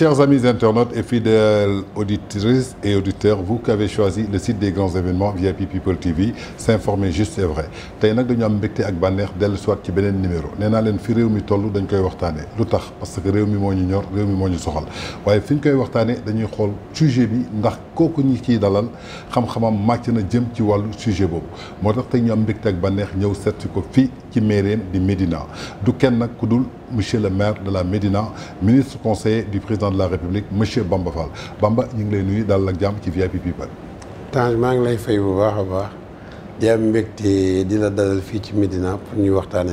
chers amis internautes et fidèles auditrices et auditeurs vous qui avez choisi le site des grands événements VIP People TV s'informer juste et vrai Tay nak dañu am mbégte ak bànneex del soit ci benen numéro nee naa fi réew mi toll dañ koy waxtané. Lutax parce que réew mi moo ñor réew mi soxal waaye fiñ koy waxtané dañuy xol sujet bi ndax koku ñi ci dalal xam-xamam màcc na jëm ci walu sujet bobu. Motax tax ñu am mbégte ak bànneex ñew seet ko fi ci di Medina. du kenn nak kudul monsieur le maire de la Médina ministre conseiller du président de la République monsieur Bamba Fall Bamba ñu ngi lay nuyu daal ak ci VIP People. Tange maa ngi lay fay bu baax baax di la dalal fii ci Médina pour ñuy waxtaane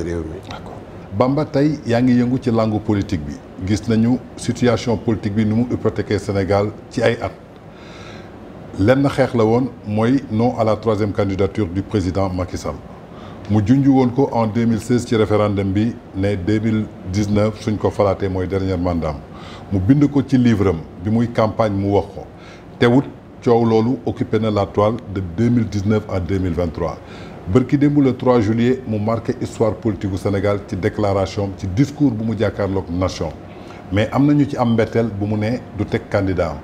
Bamba tay yangi ngi yëngu ci langue politique bi gis nañu situation politique bi nu mu hypothéqué Sénégal ci ay at. lenn la woon moy non à la troisième candidature du président Macky Sall mu junj en 2016 le référendum bi né 2019 suñ ko falaté moy dernier mandat mu bind ko ci livre bi campagne mu wax ko teewut ciow lolu occupé na la toile de 2019 à 2023 le 3 juillet mu marqué histoire politique du Sénégal ci déclaration ci discours bu mu nation mais amna ñu ci am mbetteel bu mu né du candidat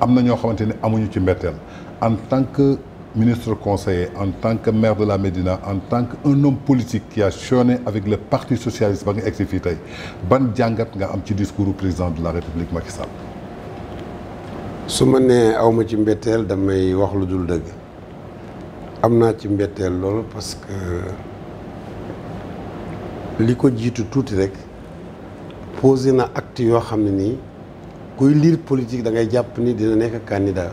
amna ño na ci en tant que ministre conseiller, en tant que maire de la Médina, en tant qu'un homme politique qui a chôné avec le Parti Socialiste, ban ex-fitay, ban jàngat nga am discours du président de la République Macky Sall. su ma nee aw je ci mbetteel damay wax lu dul dëgg ci mbetteel loolu parce que li ko jiitu rek posé na acte yoo xam kuy lire politique da ngay jàpp ni dina candidat.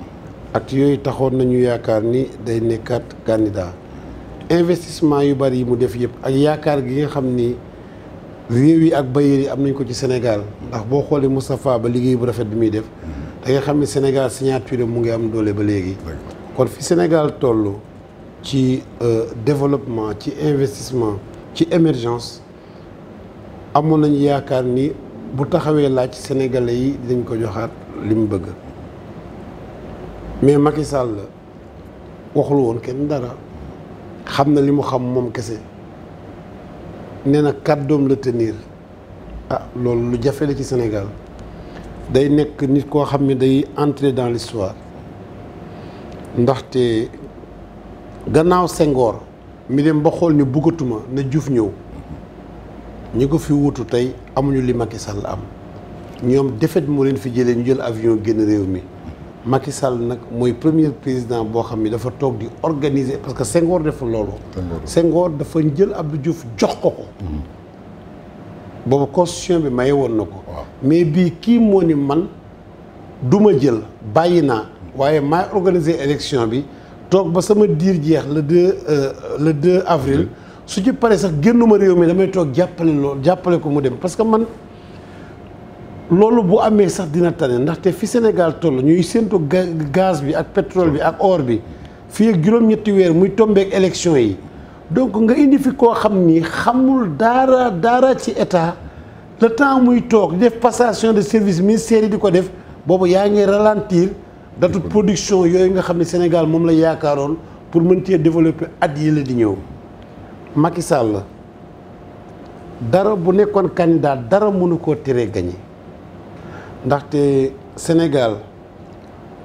Il yoy taxone nañu ni day candidat investissement yu bari mu def ak gi nga yi ak yi am nañ ko Sénégal ndax Ba bu rafet bi def da nga Sénégal signature mu am doole ba kon fi Sénégal tollu ci euh, développement ci investissement ci émergence ni bu Sénégalais yi ko mais Macky la waxul woon kenn dara xam na li mu xam moom kese nee na kàddoom la tenir ah loolu lu jafe la ci Sénégal day nekk nit koo xam ne day entrer dans l'histoire ndaxte gannaaw sengoor mi dem ba xool ni buggatuma ne juuf ñëw ñu ko fi wutu tey amuñu li Macky Sall am ñoom défaite moo leen fi jëlee ñu jël avion génn réew mi Macky Sall nag mooy premier président bo xamni dafa tok di organiser parce que Senghor deful loolu. Senghor dafa jël Abdou Diouf jox ko ko. boobu constitution bi maye woon na mais bi ki moni man duma jël bayina waye ma organiser élection bi tok ba sama dir jeex le 2 euh, le 2 avril. su ci paré sax gennuma réew mi damay tok jappalé lool jappalé ko mu dem parce que man. loolu bu amee sax dina tane ndaxte fi Sénégal toll ñuy ga gaz bi ak pétrole bi ak or bi fii ak juróom-ñetti weer muy tombeek élection yi donc nga indi fi ko xam ni xamul dara daara ci état le temps muy toog def passation de service ministère yi di ko def boobu yaa ngi ralentir datu production yooyu nga xam ne Sénégal moom la yaakaaroon pour mën cee at yi la di ñëw Macky la dara bu nekkoon candidat dara mënu ko teree gagné. Dans le Sénégal,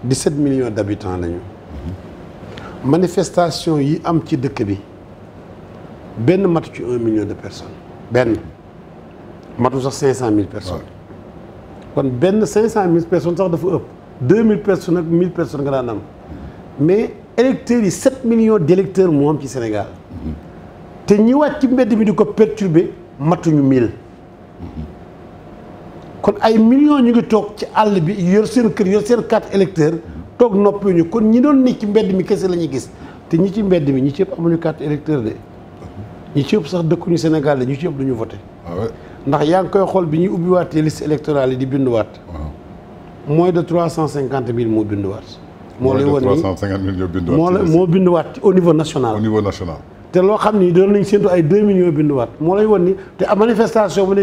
17 millions d'habitants. Les manifestations ont été faites, il y a 1 million de personnes. Ben, y a 500 000 personnes. Donc, ben 500 000 personnes, ça fait 2 000 personnes, 1 000 personnes. Mais, électeurs, il 7 millions d'électeurs au Sénégal. Et nous avons été perturbés, il y a 1 000 kon ay millions ñu ngi tok ci qui bi yeur seen kër yeur seen carte électeur tok nopi ñu kon ñi doon ni ci mbedd mi lañu gis té ñi ci mbedd mi ñi ci amuñu carte électeur de ñi ci Sénégal ñi ci duñu ah liste électorale moins de 350 000 cinquante mille au niveau national au niveau national té ont xamni doon millions lay manifestation nga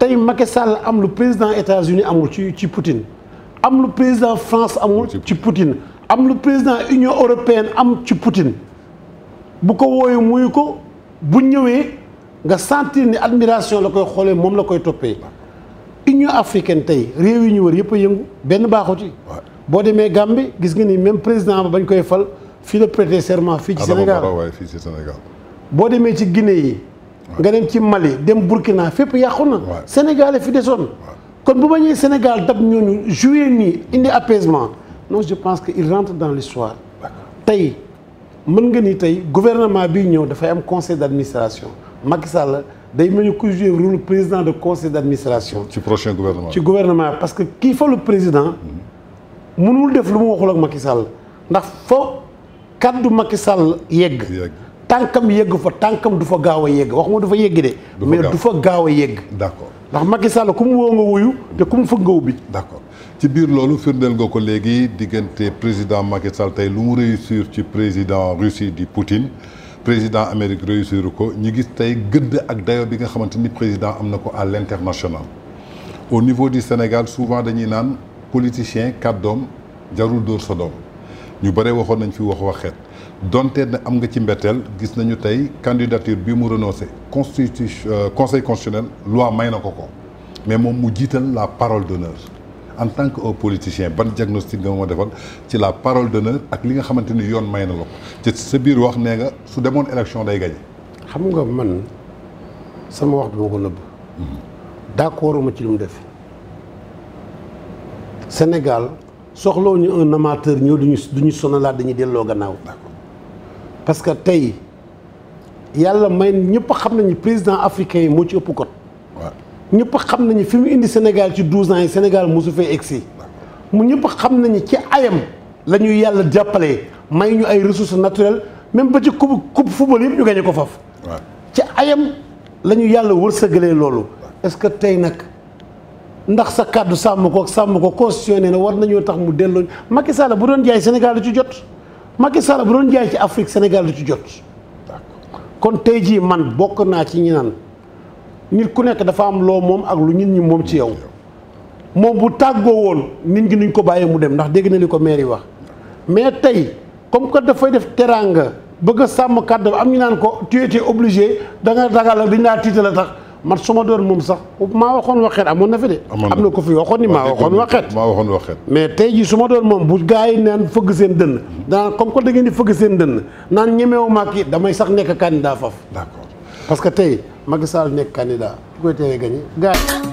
tay Macky Sall am le président États-Unis amul ci ci Poutine am le président France amul ci Poutine am le président Union européenne am ci Poutine bu ko woyou muy ko bu ñëwé nga sentir ni admiration la koy xolé mom la koy topé Union africaine tay réew ñu wër yépp yëngu ben baaxut Gambie gis nga ni même président bañ koy fal fi le prêter serment fi ci Sénégal bo démé ci Guinée yi nga dem ci Mali dem Burkina fépp yàqu na. Sénégal fi desoon. kon bu bañee Sénégal dab ñooñu il nii indi apaisement non je pense que il rentre dans l'histoire tey mën nga ni tey gouvernement bi un am conseil d'administration Macky Sall day mel ni jouer le rôle président de conseil d'administration. Du prochain gouvernement Du gouvernement parce que kii fa le président. Mhm. mënul def lu mu waxul ak Macky Sall ndax fo de Macky Sall yegg tankam yegg fa tankam du fa gaaw a yegg waxuma du fa yegg de. mais du fa gaaw yegg. d'accord ndax Macky Sall ku mu woo nga wuyu te ku mu fëgg nga d'accord ci biir loolu firndeel nga ko léegi diggante président Macky Sall tey lu mu réussir ci président Russie di Poutine président Amérique réussir ko ñu gis tey gëdd ak dayo bi nga xamante ni président am na ko à l'international. au niveau du Sénégal souvent dañuy naan politicien kàddoom jarul dóor sa doom ñu bare waxoon nañ fi wax waxeet donté na am nga ci mbettel gis nañu tay candidature bi mu renoncé constitution euh, conseil constitutionnel loi may na ko mais mom mu jital la parole d'honneur en tant que politicien ban diagnostic nga ma defal ci la parole d'honneur ak li nga xamanteni ni yoon may na la sa bir wax ne nga su demone élection day gagner xam nga man sama wax duma ko neub mhm. d'accord ci lu def Sénégal soxlawuñu un amateur ñëw duñu duñu sonalaat dañuy delloo gannaaw parce que tay, yalla may ñëpp xam nañu président africain mo ci ëpp ko. kot. ñëpp xam nañu fimu indi Sénégal ci 12 ans Sénégal mosu fee egsi mu ñëpp xam nañu ci ayam lañu yalla yàlla may ñu ay ressources naturelles même ba ci coupe coupe football yëp ñu gañe ko faf ci ayam lañu yalla yàlla lolu. est-ce que tay nak ndax sa cadre sam ko sam ko constitution na war nañu tax mu delloo Macky Sall bu doon jaay Sénégal ci jot. Macky Sall bu doon jaay ci Afrique Sénégal du ci jot. kon tey jii man bokk naa ci ñi naan nit ku nekk dafa am loo moom ak lu nit ñi moom ci yow. moom bu tàggoo woon nit ñi nuñ ko bàyyi mu dem ndax dégg na li ko maire yi wax mais tey comme que dafay def teraanga bëgg a sàmm kàddu am ñu naan ko tu étais obligé da nga ragal ak dañ laa tiital a tax man su ma doon moom sax maa waxoon waxeet amoon na fi de. am na ko fi waxoon ni maa waxoon waxeet. maa waxoon mais tey jii su ma doon moom bu gars yi naan fëgg seen dënn. daan comme que da ngeen di fëgg naan ñemewu ma damay sax nekk candidat faf d'accord parce que tey Macky Sall nekk candidat ku koy teelee gagné gars